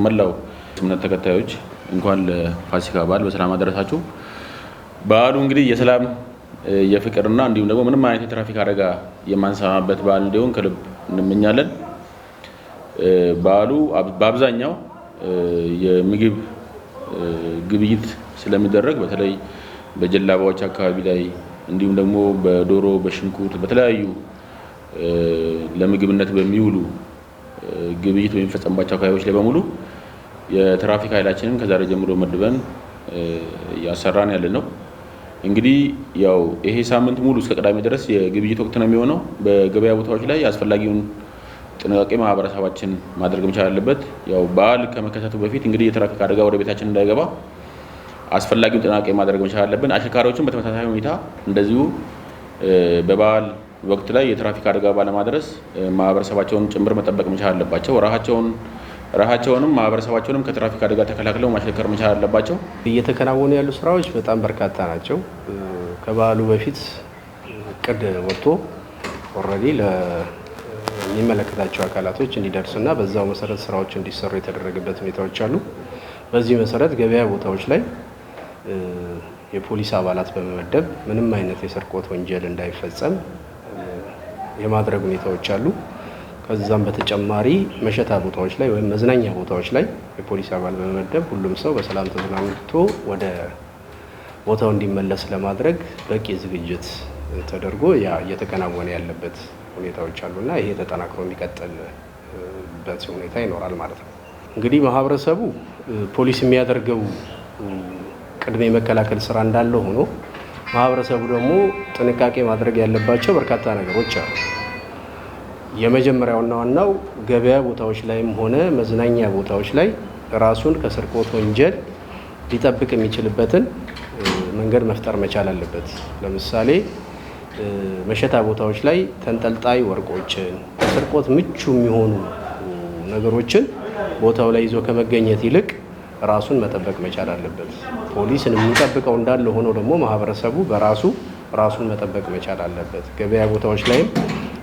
ያላችሁ መላው እምነት ተከታዮች እንኳን ለፋሲካ በዓል በሰላም አደረሳችሁ። በዓሉ እንግዲህ የሰላም የፍቅርና እንዲሁም ደግሞ ምንም አይነት የትራፊክ አደጋ የማንሰማበት በዓል እንዲሆን ከልብ እንመኛለን። በዓሉ በአብዛኛው የምግብ ግብይት ስለሚደረግ በተለይ በጀላባዎች አካባቢ ላይ እንዲሁም ደግሞ በዶሮ በሽንኩርት በተለያዩ ለምግብነት በሚውሉ ግብይት በሚፈጸምባቸው አካባቢዎች ላይ በሙሉ የትራፊክ ኃይላችንን ከዛሬ ጀምሮ መድበን እያሰራን ያለ ነው። እንግዲህ ያው ይሄ ሳምንት ሙሉ እስከ ቅዳሜ ድረስ የግብይት ወቅት ነው የሚሆነው። በገበያ ቦታዎች ላይ አስፈላጊውን ጥንቃቄ ማህበረሰባችን ማድረግ መቻል አለበት። ያው በዓል ከመከሰቱ በፊት እንግዲህ የትራፊክ አደጋ ወደ ቤታችን እንዳይገባ አስፈላጊውን ጥንቃቄ ማድረግ መቻል አለብን። አሽከርካሪዎችን በተመሳሳይ ሁኔታ እንደዚሁ በበዓል ወቅት ላይ የትራፊክ አደጋ ባለማድረስ ማህበረሰባቸውን ጭምር መጠበቅ መቻል አለባቸው። ራሳቸውን ራሳቸውንም ማህበረሰባቸውንም ከትራፊክ አደጋ ተከላክለው ማሽከርከር መቻል አለባቸው። እየተከናወኑ ያሉ ስራዎች በጣም በርካታ ናቸው። ከበዓሉ በፊት እቅድ ወጥቶ ኦልሬዲ የሚመለከታቸው አካላቶች እንዲደርስና በዛው መሰረት ስራዎች እንዲሰሩ የተደረገበት ሁኔታዎች አሉ። በዚህ መሰረት ገበያ ቦታዎች ላይ የፖሊስ አባላት በመመደብ ምንም አይነት የስርቆት ወንጀል እንዳይፈጸም የማድረግ ሁኔታዎች አሉ። ከዛም በተጨማሪ መሸታ ቦታዎች ላይ ወይም መዝናኛ ቦታዎች ላይ የፖሊስ አባል በመመደብ ሁሉም ሰው በሰላም ተዝናንቶ ወደ ቦታው እንዲመለስ ለማድረግ በቂ ዝግጅት ተደርጎ ያ እየተከናወነ ያለበት ሁኔታዎች አሉና ይሄ ተጠናክሮ የሚቀጥልበት ሁኔታ ይኖራል ማለት ነው። እንግዲህ ማህበረሰቡ ፖሊስ የሚያደርገው ቅድመ የመከላከል ስራ እንዳለ ሆኖ ማህበረሰቡ ደግሞ ጥንቃቄ ማድረግ ያለባቸው በርካታ ነገሮች አሉ። የመጀመሪያውና ዋናው ገበያ ቦታዎች ላይም ሆነ መዝናኛ ቦታዎች ላይ ራሱን ከስርቆት ወንጀል ሊጠብቅ የሚችልበትን መንገድ መፍጠር መቻል አለበት። ለምሳሌ መሸታ ቦታዎች ላይ ተንጠልጣይ ወርቆችን፣ ከስርቆት ምቹ የሚሆኑ ነገሮችን ቦታው ላይ ይዞ ከመገኘት ይልቅ ራሱን መጠበቅ መቻል አለበት። ፖሊስን የሚጠብቀው እንዳለ ሆኖ ደግሞ ማህበረሰቡ በራሱ ራሱን መጠበቅ መቻል አለበት። ገበያ ቦታዎች ላይም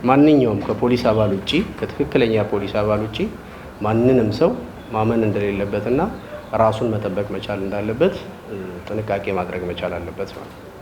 ማንኛውም ከፖሊስ አባል ውጭ ከትክክለኛ ፖሊስ አባል ውጭ ማንንም ሰው ማመን እንደሌለበትና ራሱን መጠበቅ መቻል እንዳለበት ጥንቃቄ ማድረግ መቻል አለበት ማለት ነው።